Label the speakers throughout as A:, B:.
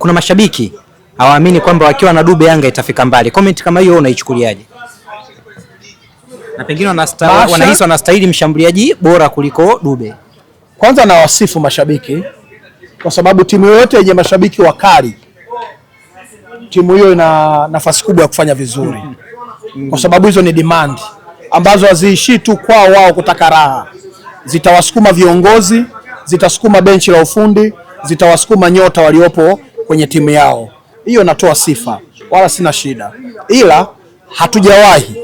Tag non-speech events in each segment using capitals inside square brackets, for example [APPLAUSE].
A: kuna mashabiki hawaamini kwamba wakiwa na Dube Yanga itafika mbali. Comment kama hiyo unaichukuliaje?
B: Na pengine wanahisi wanastahili mshambuliaji bora kuliko Dube.
C: Kwanza nawasifu mashabiki kwa sababu timu yoyote yenye mashabiki wakali, timu hiyo ina nafasi kubwa ya kufanya vizuri, kwa sababu hizo ni demand ambazo haziishii tu kwao wao kutaka raha, zitawasukuma viongozi, zitasukuma benchi la ufundi, zitawasukuma nyota waliopo kwenye timu yao, hiyo natoa sifa, wala sina shida, ila hatujawahi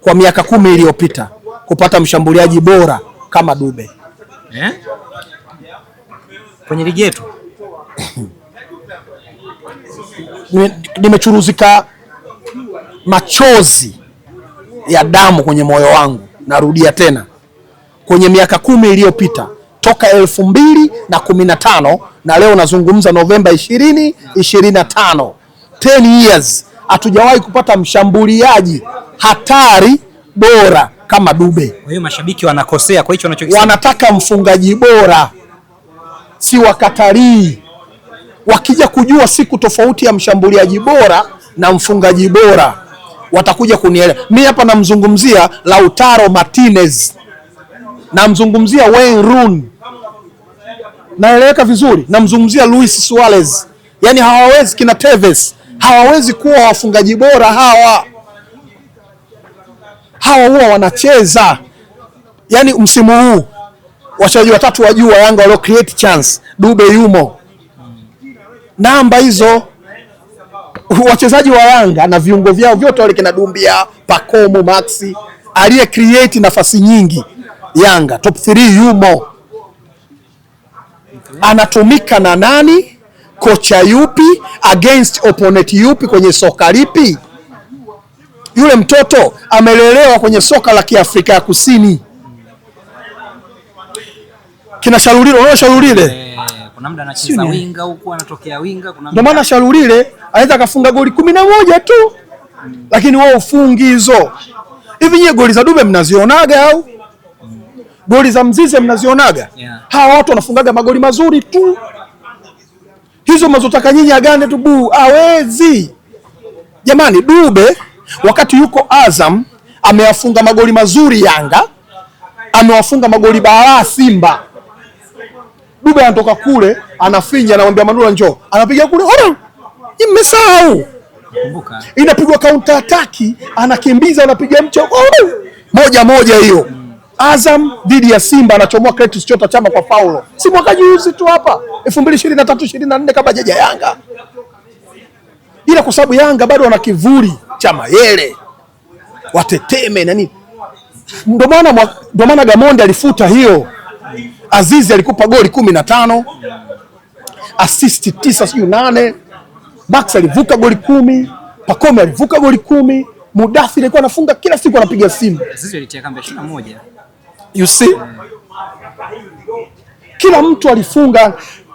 C: kwa miaka kumi iliyopita kupata mshambuliaji bora kama Dube
A: eh? kwenye ligi yetu
C: [CLEARS THROAT] nimechuruzika machozi ya damu kwenye moyo wangu. Narudia tena, kwenye miaka kumi iliyopita toka elfu mbili na kumi na tano na leo nazungumza Novemba 20 25, na years hatujawahi kupata mshambuliaji hatari bora kama Dube.
A: Kwa hiyo mashabiki wanakosea kwa hicho wanachokisema.
C: Wanataka mfungaji bora, si wakatalii. Wakija kujua siku tofauti ya mshambuliaji bora na mfungaji bora watakuja kunielewa. Mimi hapa namzungumzia Lautaro Martinez, namzungumzia Wayne Rooney naeleweka vizuri, namzungumzia Luis Suarez. Yani hawawezi kina Tevez hawawezi kuwa wafungaji bora hawa, hawa huwa wanacheza yani msimu huu wachezaji watatu wa juu wa Yanga walio create chance, Dube yumo namba hizo. Wachezaji wa Yanga na viungo vyao vyote wale kina Dumbia, Pakomo, Maxi aliye create nafasi nyingi Yanga top 3 yumo anatumika na nani, kocha yupi, against opponent yupi, kwenye soka lipi? Yule mtoto amelelewa kwenye soka la Kiafrika ya Kusini, kina Sharulile. Unaona Sharulile, eh,
A: kuna muda anacheza winga huko, anatokea winga,
C: kuna ndio maana Sharulile anaweza akafunga goli kumi na moja tu, lakini wao ufungi hizo hivi. Nyie goli za Dube mnazionaga au? goli za mzize mnazionaga? yeah. hawa watu wanafungaga magoli mazuri tu, hizo mazotaka nyinyi agane tu buu, hawezi jamani. Dube wakati yuko Azam amewafunga magoli mazuri Yanga, amewafunga magoli balaa Simba. Dube anatoka kule anafinya, anamwambia Manula njoo, anapiga kule, imesahau inapigwa kaunta ataki, anakimbiza, anapiga mcho moja moja hiyo Azam dhidi ya Simba anachomoa Cletus Chota Chama kwa paulo, si mwaka juzi tu hapa 2023 24, kabla jaja Yanga, ila kwa sababu Yanga bado wana kivuli cha Mayele wateteme nani? ndio maana ndio maana Gamonde alifuta hiyo. Azizi alikupa goli 15. Assist 9 asisti 8. sijui Max alivuka goli kumi, Pacome alivuka goli kumi, Mudafi alikuwa anafunga kila siku, anapiga simu.
A: Azizi alitia kamba 21
C: you see? Kila mtu alifunga,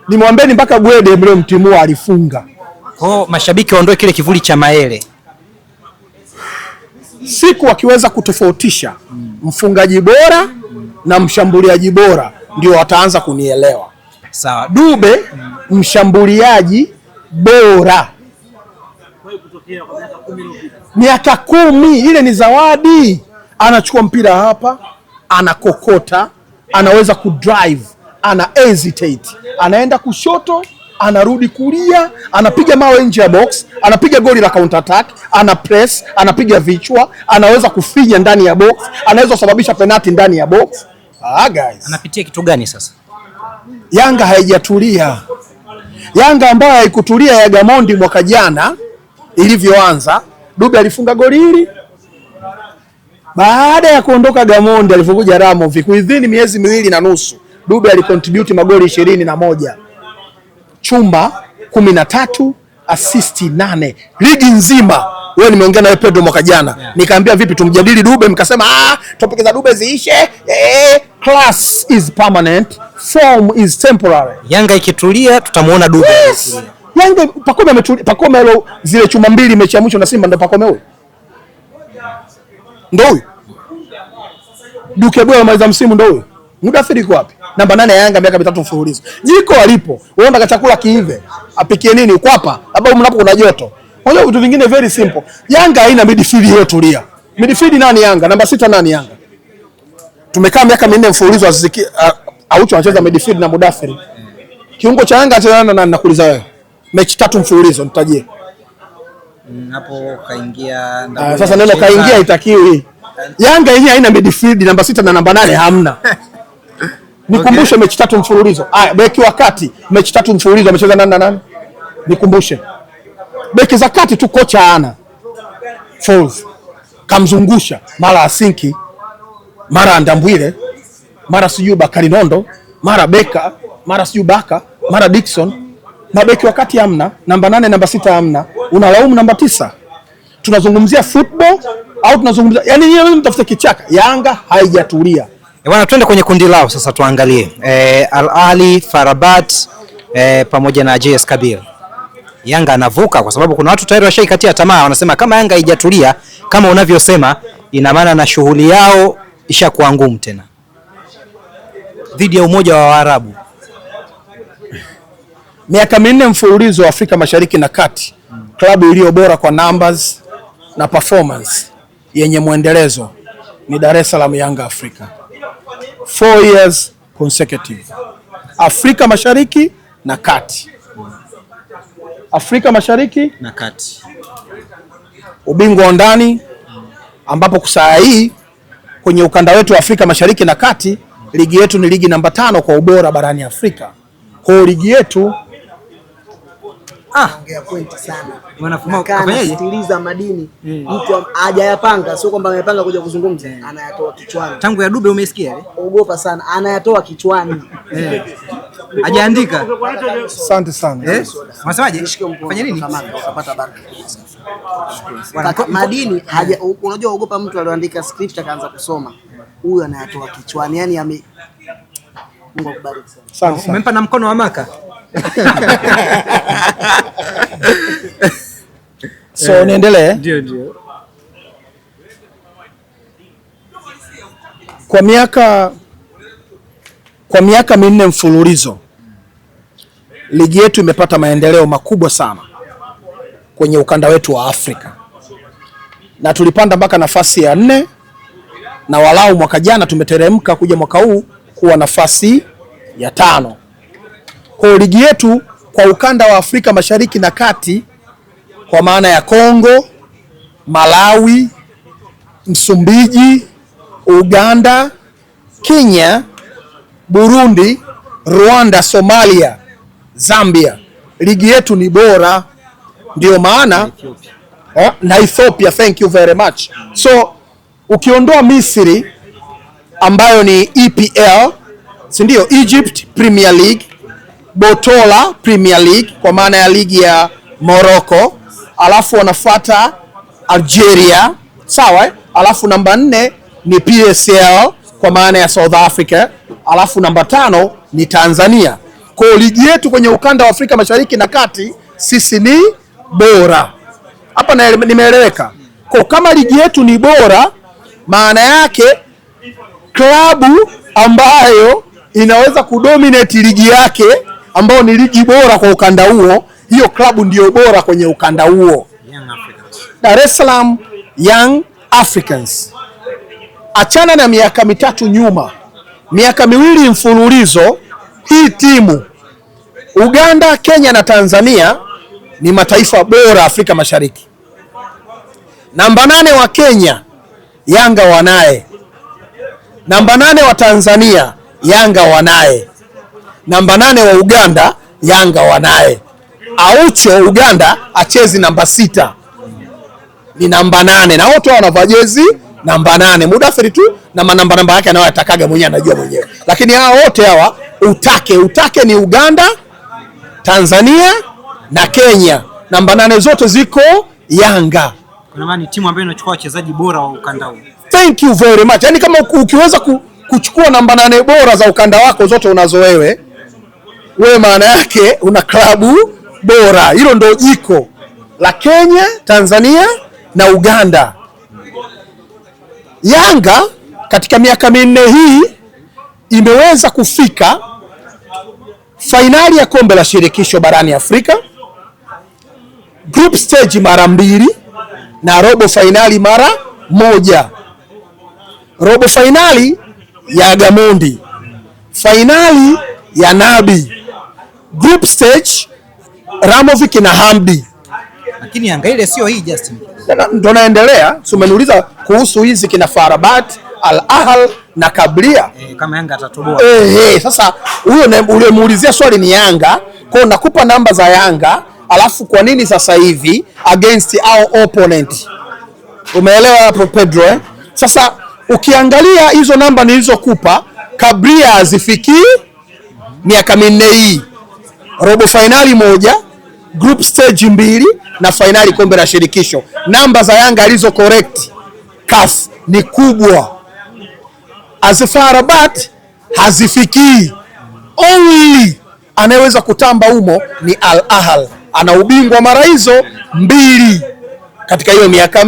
C: mwambeni mpaka Gwede mle mtimua alifunga.
A: Oh, mashabiki waondoe kile kivuli cha Maele
C: siku wakiweza kutofautisha mfungaji bora na mshambuliaji bora ndio wataanza kunielewa. Sawa. Dube mshambuliaji bora miaka kumi, ile ni zawadi. Anachukua mpira hapa anakokota, anaweza kudrive, ana hesitate, anaenda kushoto anarudi kulia, anapiga mawe nje ya box, anapiga goli la counter attack, ana press, anapiga vichwa, anaweza kufinya ndani ya box, anaweza kusababisha penalti ndani ya box. Ah, guys,
A: anapitia kitu gani sasa?
C: Yanga haijatulia. Yanga ambayo haikutulia ya Gamondi mwaka jana ilivyoanza, Dube alifunga goli hili baada ya kuondoka Gamondi alivyokuja Ramovic within miezi miwili na nusu Dube alikontribute magoli ishirini na moja chumba kumi na tatu asisti nane ligi nzima. Wewe nimeongea na Pedro mwaka jana yeah. Nikaambia vipi tumjadili Dube, mkasema ah, topic za Dube ziishe eh, class is permanent, form is temporary.
A: Yanga ikitulia tutamuona Dube
C: yes. Yanga Pakome ametulia. Pakome zile chuma mbili mechi ya mwisho na Simba ndio Pakome huyo ndo huyu Duke Boy amaliza msimu ndio huyu. Mudafiri yuko wapi? Namba nane Yanga miaka mitatu mfululizo. Jiko alipo. Wewe unataka chakula kiive. Apikie nini uko hapa? Labda mnapo kuna joto. Unajua vitu vingine very simple. Yanga haina midfield hiyo tulia. Midfield nani Yanga? Namba sita nani Yanga? Tumekaa miaka minne mfululizo asiziki ah, aucho anacheza midfield na Mudafiri. Kiungo cha Yanga atana na nakuuliza wewe. Mechi tatu mfululizo nitajie.
A: Napo kaingia
C: uh, sasa neno kaingia itakiwi. Yanga yenyewe haina midfield namba sita na namba nane hamna. [LAUGHS] Nikumbushe okay. Mechi tatu mfululizo. Aya, beki wa kati mechi tatu mfululizo amecheza nani na nani? Nikumbushe. Beki za kati tu kocha ana Falls. Kamzungusha mara Asinki, mara Ndambwile, mara sijui Bakari Nondo, mara Beka, mara sijui Baka, mara Dickson na beki wa kati hamna, namba nane, namba sita hamna, unalaumu namba tisa. Tunazungumzia football au tunazungumzia yani, yeye mtafute kichaka. Yanga haijatulia eh,
A: bwana. Twende kwenye kundi lao sasa, tuangalie e, Al Ahly, Farabat e, pamoja na JS Kabylie. Yanga anavuka kwa sababu kuna watu tayari washaikatia tamaa, wanasema kama Yanga haijatulia kama unavyosema, ina maana na shughuli yao ishakuwa ngumu tena dhidi ya Umoja wa Waarabu
C: miaka minne mfululizo wa Afrika Mashariki na Kati, klabu iliyo bora kwa numbers na performance yenye mwendelezo ni Dar es Salaam Yanga Afrika, four years consecutive. Afrika Mashariki na Kati, Afrika Mashariki na Kati, ubingwa wa ndani ambapo kwa saa hii kwenye ukanda wetu wa Afrika Mashariki na Kati, ligi yetu ni ligi namba tano kwa ubora barani Afrika. Kwa ligi yetu
D: anaongea ah. kwenti
A: sana,
D: anasikiliza madini eh. mtu hajayapanga, sio kwamba amepanga kuja kuzungumza, eh. anayatoa kichwani.
A: Tangu ya Dube umesikia, eh?
D: ogopa sana, anayatoa kichwani eh.
A: hajaandika.
C: Asante sana.
A: Unasemaje? Fanya nini? Utapata
D: baraka. Madini haja, unajua ogopa mtu aliyoandika script akaanza kusoma, huyu anayatoa kichwani, yani ame
C: Mungu akubariki sana.
A: Umempa na mkono wa maka
C: so yeah. Niendelee,
A: ndio ndio.
C: Kwa miaka kwa miaka minne mfululizo ligi yetu imepata maendeleo makubwa sana kwenye ukanda wetu wa Afrika na tulipanda mpaka nafasi ya nne na walau mwaka jana tumeteremka kuja mwaka huu kuwa nafasi ya tano. Kwa ligi yetu kwa ukanda wa Afrika Mashariki na Kati kwa maana ya Kongo, Malawi, Msumbiji, Uganda, Kenya, Burundi, Rwanda, Somalia, Zambia, ligi yetu ni bora, ndiyo maana oh, na Ethiopia. Thank you very much. So ukiondoa Misri ambayo ni EPL, si ndio? Egypt Premier League Botola Premier League kwa maana ya ligi ya Morocco, alafu wanafuata Algeria, sawa. Eh? Alafu namba nne ni PSL kwa maana ya South Africa, alafu namba tano ni Tanzania. Kwa ligi yetu kwenye ukanda wa Afrika Mashariki na Kati sisi ni bora. Hapa nimeeleweka? Kwa kama ligi yetu ni bora, maana yake klabu ambayo inaweza kudominate ligi yake ambao ni ligi bora kwa ukanda huo, hiyo klabu ndiyo bora kwenye ukanda huo. Dar es Salaam Young Africans, achana na miaka mitatu nyuma, miaka miwili mfululizo, hii timu Uganda, Kenya na Tanzania ni mataifa bora Afrika Mashariki. Namba nane wa Kenya Yanga wanaye, namba nane wa Tanzania Yanga wanaye namba nane wa Uganda Yanga wanaye. Aucho Uganda achezi namba sita ni namba nane na wote wanavaa jezi namba nane Mudafiri tu na manamba namba yake atakaga mwenyewe anajua mwenyewe, lakini hawa wote hawa utake utake ni Uganda, Tanzania na Kenya, namba nane zote ziko Yanga.
A: Kuna maana timu ambayo inachukua wachezaji bora wa ukanda huu.
C: Thank you very much. Yani kama ukiweza kuchukua namba nane bora za ukanda wako zote unazo wewe we maana yake una klabu bora. Hilo ndo jiko la Kenya, Tanzania na Uganda. Yanga katika miaka minne hii imeweza kufika fainali ya kombe la shirikisho barani Afrika, group stage mara mbili na robo fainali mara moja. Robo fainali ya Gamondi, fainali ya Nabi group stage Ramovic na Hamdi,
A: lakini Yanga ile sio hii Justin,
C: ndo naendelea. Si umeniuliza kuhusu hizi kina Farabat Al Ahal na Kabria.
A: e, kama Yanga atatoboa
C: eh, eh, sasa huyo uliyemuulizia swali ni Yanga Kwa hiyo nakupa namba za Yanga alafu kwa nini sasa hivi against our opponent, umeelewa hapo Pedro eh? Sasa ukiangalia hizo namba nilizokupa Kabria hazifikii miaka minne hii robo fainali moja, group stage mbili na fainali kombe la shirikisho. Namba za Yanga alizo correct CAF ni kubwa, azifarabat hazifikii. Only anayeweza kutamba humo ni Al Ahal, ana ubingwa mara hizo mbili katika hiyo miaka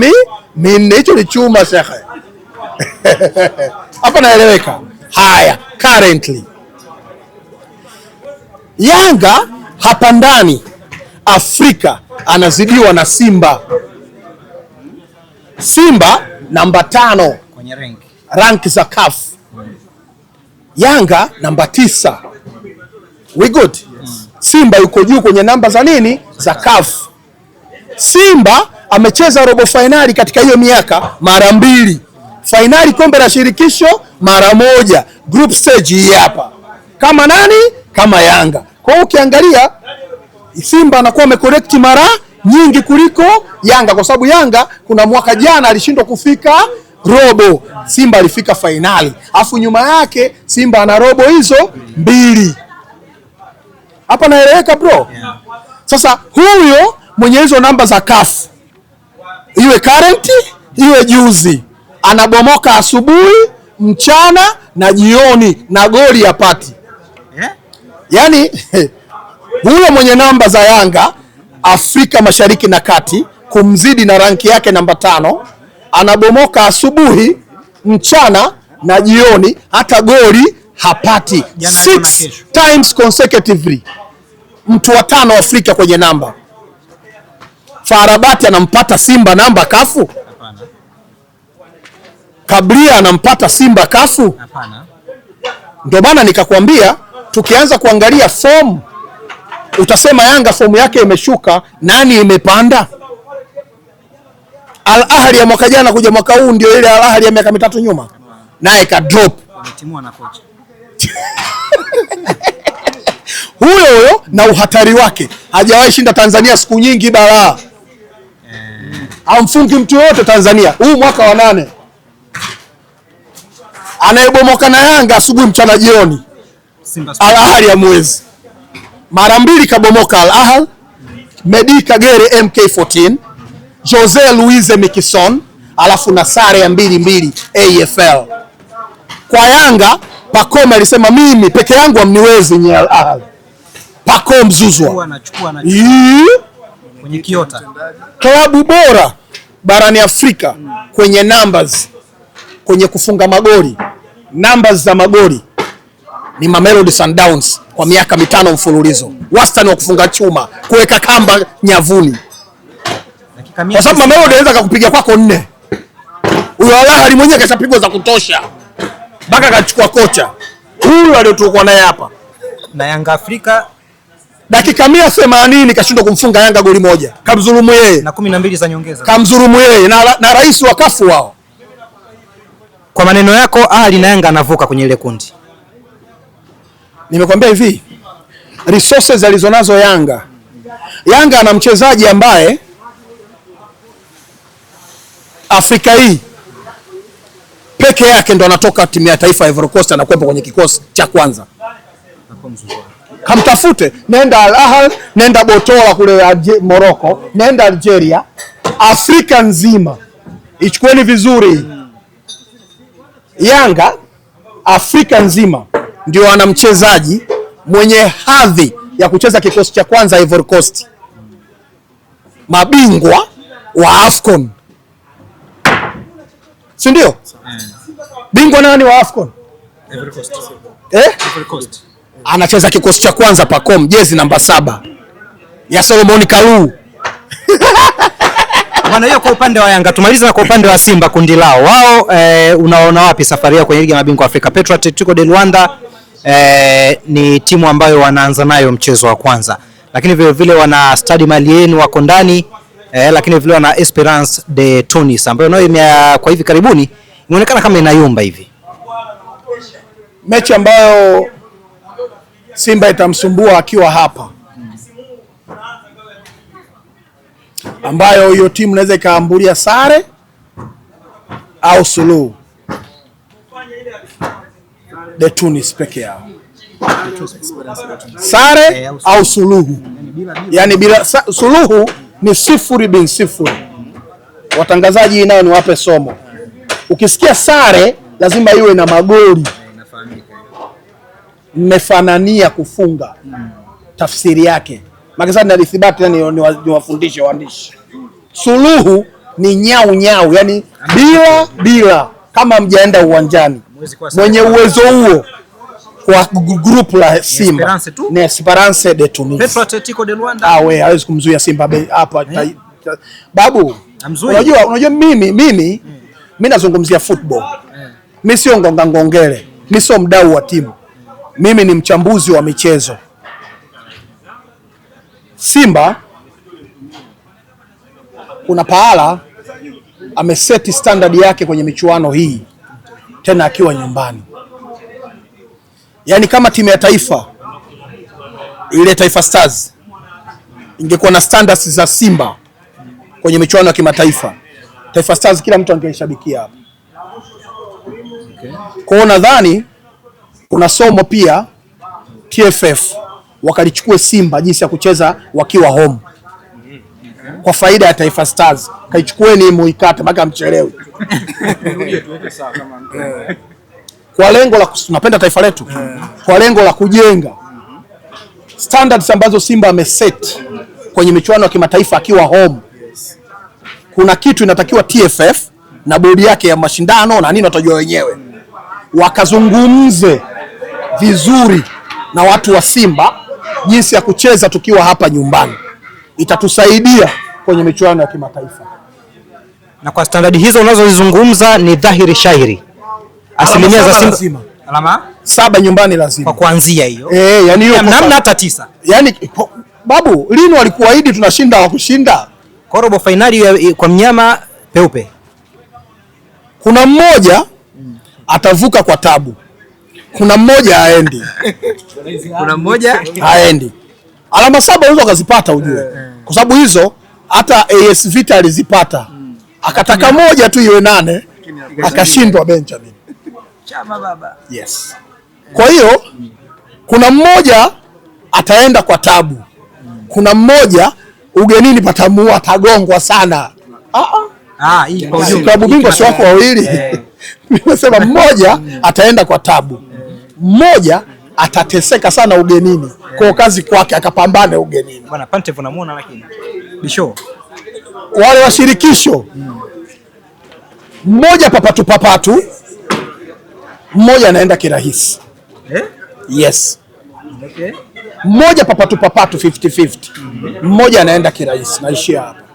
C: minne. Hicho ni chuma shekhe [LAUGHS] hapa naeleweka. Haya, currently Yanga hapa ndani Afrika anazidiwa na Simba. Simba namba tano kwenye rank, rank za CAF. Yanga namba tisa. We good? Simba yuko juu kwenye namba za nini za CAF. Simba amecheza robo fainali katika hiyo miaka mara mbili, fainali kombe la shirikisho mara moja, group stage hii hapa kama nani kama Yanga. Kwa hiyo ukiangalia Simba anakuwa amecorrect mara nyingi kuliko Yanga, kwa sababu Yanga kuna mwaka jana alishindwa kufika robo, Simba alifika fainali, afu nyuma yake Simba ana robo hizo mbili. Hapa naeleweka bro? Sasa huyo mwenye hizo namba za kafu, iwe current iwe juzi, anabomoka asubuhi, mchana na jioni, na goli apati yani [LAUGHS] huyo mwenye namba za Yanga Afrika Mashariki na Kati kumzidi na ranki yake namba tano anabomoka asubuhi, mchana na jioni, hata goli hapati. Six times consecutively, mtu wa tano Afrika kwenye namba. Farabati anampata Simba namba kafu? Hapana. Kabria anampata Simba kafu? Hapana. Ndio maana nikakwambia tukianza kuangalia fomu utasema Yanga fomu yake imeshuka, nani imepanda? Al Ahli ya mwaka jana kuja mwaka huu ndio ile Al Ahli ya miaka mitatu nyuma, naye ka drop. na kocha [LAUGHS] huyo huyo na uhatari wake, hajawahi shinda Tanzania siku nyingi bala eh, Amfungi mtu yoyote Tanzania, huu mwaka wa nane, anayebomoka na Yanga asubuhi, mchana, jioni. Al ya mwezi Mara mbili kabomoka Al Ahly. Medi Kagere MK14, Jose Luis Mikison, alafu na sare ya mbili mbili AFL. Kwa Yanga Pacome alisema mimi peke yangu amniwezi nye Al Ahly. Pacome mzuzwa
A: kwenye kiota
C: klabu bora barani Afrika kwenye numbers, kwenye kufunga magoli numbers za magoli ni Mamelodi Sundowns kwa miaka mitano mfululizo, wastani wa kufunga chuma, kuweka kamba nyavuni, kwa sababu Mamelodi anaweza akakupiga kwako nne. Huyo Alahali mwenyewe kashapigwa za kutosha, mpaka akachukua kocha huyu aliyotokuwa naye hapa
A: na Yanga Afrika
C: dakika mia themanini kashindwa kumfunga Yanga goli moja, kamdhulumu yeye
A: na kumi na mbili za nyongeza,
C: kamdhulumu yeye na, na rais wa kafu wao.
A: Kwa maneno yako, Ali na Yanga anavuka kwenye ile kundi
C: Nimekwambia hivi resources alizonazo Yanga. Yanga ana mchezaji ambaye Afrika hii peke yake ndo anatoka timu ya taifa ya Ivory Coast, anakuwepo kwenye kikosi cha kwanza. Kamtafute, nenda Al Ahly, nenda Botola kule Morocco, nenda Algeria, Afrika nzima. Ichukueni vizuri Yanga Afrika nzima ndio ana mchezaji mwenye hadhi ya kucheza kikosi cha kwanza Ivory Coast, mabingwa wa Afcon, si ndio? Bingwa nani wa Afcon? Ivory Coast. Eh? Ivory Coast. Anacheza kikosi cha kwanza Pacom, jezi namba saba ya Solomon Kalou.
A: [LAUGHS] Bwana, hiyo kwa upande wa Yanga tumaliza, na kwa upande wa Simba kundi lao wao, eh, unaona wapi safari yao kwenye ligi ya mabingwa Afrika? Petro Atletico de Luanda eh, ni timu ambayo wanaanza nayo mchezo wa kwanza, lakini vilevile wana Stade Malien wako ndani eh, lakini vile wana Esperance de Tunis ambayo nayo kwa hivi karibuni inaonekana kama inayumba hivi.
C: Mechi ambayo Simba itamsumbua akiwa hapa ambayo hiyo timu inaweza ikaambulia sare au suluhu De Tunis peke yao, sare au suluhu, yani bila suluhu ni sifuri bin sifuri. Watangazaji nayo niwape somo, ukisikia sare lazima iwe na magoli. Mmefanania kufunga, tafsiri yake makasa nalithibati, yani niwafundishe waandishi, suluhu ni nyau nyau, yani bila bila, kama mjaenda uwanjani mwenye uwezo huo kwa group la Simba ni Esperance de Tunis. Petro
A: Atletico de Luanda.
C: Ah, we hawezi kumzuia Simba eh. hapa eh. babu. Unajua, unajua mimi mimi eh. mimi nazungumzia football. Mimi sio ngonga ngongele, mimi sio mdau wa timu, mimi ni mchambuzi wa michezo. Simba kuna pahala ameseti standard yake kwenye michuano hii tena akiwa nyumbani. Yaani kama timu ya taifa ile Taifa Stars ingekuwa na standards za Simba kwenye michuano ya kimataifa, Taifa Stars kila mtu angeishabikia hapa. Kwa hiyo nadhani kuna somo pia TFF wakalichukue Simba jinsi ya kucheza wakiwa home kwa faida ya Taifa Stars. Kaichukueni muikate mpaka mchelewe kwa lengo la tunapenda taifa letu, kwa lengo la kujenga standards ambazo Simba ameset kwenye michuano ya kimataifa akiwa home. Kuna kitu inatakiwa TFF na bodi yake ya mashindano na nini watajua wenyewe, wakazungumze vizuri na watu wa Simba jinsi ya kucheza tukiwa hapa nyumbani itatusaidia kwenye michuano ya kimataifa.
A: Na kwa standardi hizo unazozizungumza ni dhahiri shahiri asilimia za Simba lazima.
C: Alama saba nyumbani lazima
A: kwa kuanzia hiyo
C: eh, yani hiyo
A: namna hata tisa
C: yani babu, lini walikuahidi tunashinda wa kushinda
A: kwa robo finali kwa mnyama peupe?
C: Kuna mmoja atavuka kwa tabu, kuna mmoja aendi,
A: [LAUGHS] kuna mmoja
C: aendi alama saba unaweza ukazipata ujue, eh, eh. kwa sababu hizo hata AS Vita alizipata hmm. akataka moja tu iwe nane akashindwa Benjamin
D: Chama baba.
C: Yes. Kwa hiyo kuna mmoja ataenda kwa tabu, hmm. kuna mmoja ugenini patamua atagongwa sana. Ah, ah. Ah, klabu bingwa si wako wawili, eh. [LAUGHS] nimesema mmoja hmm. ataenda kwa tabu, mmoja atateseka sana ugenini Kwa kazi kwake akapambane ugenini
A: bwana Pantev, unamuona lakini Bisho
C: wale washirikisho Mmoja papatu papatu, mmoja anaenda kirahisi eh? Yes okay. Mmoja papatu papatu 50 50 mmoja -hmm. Anaenda kirahisi, naishia hapa.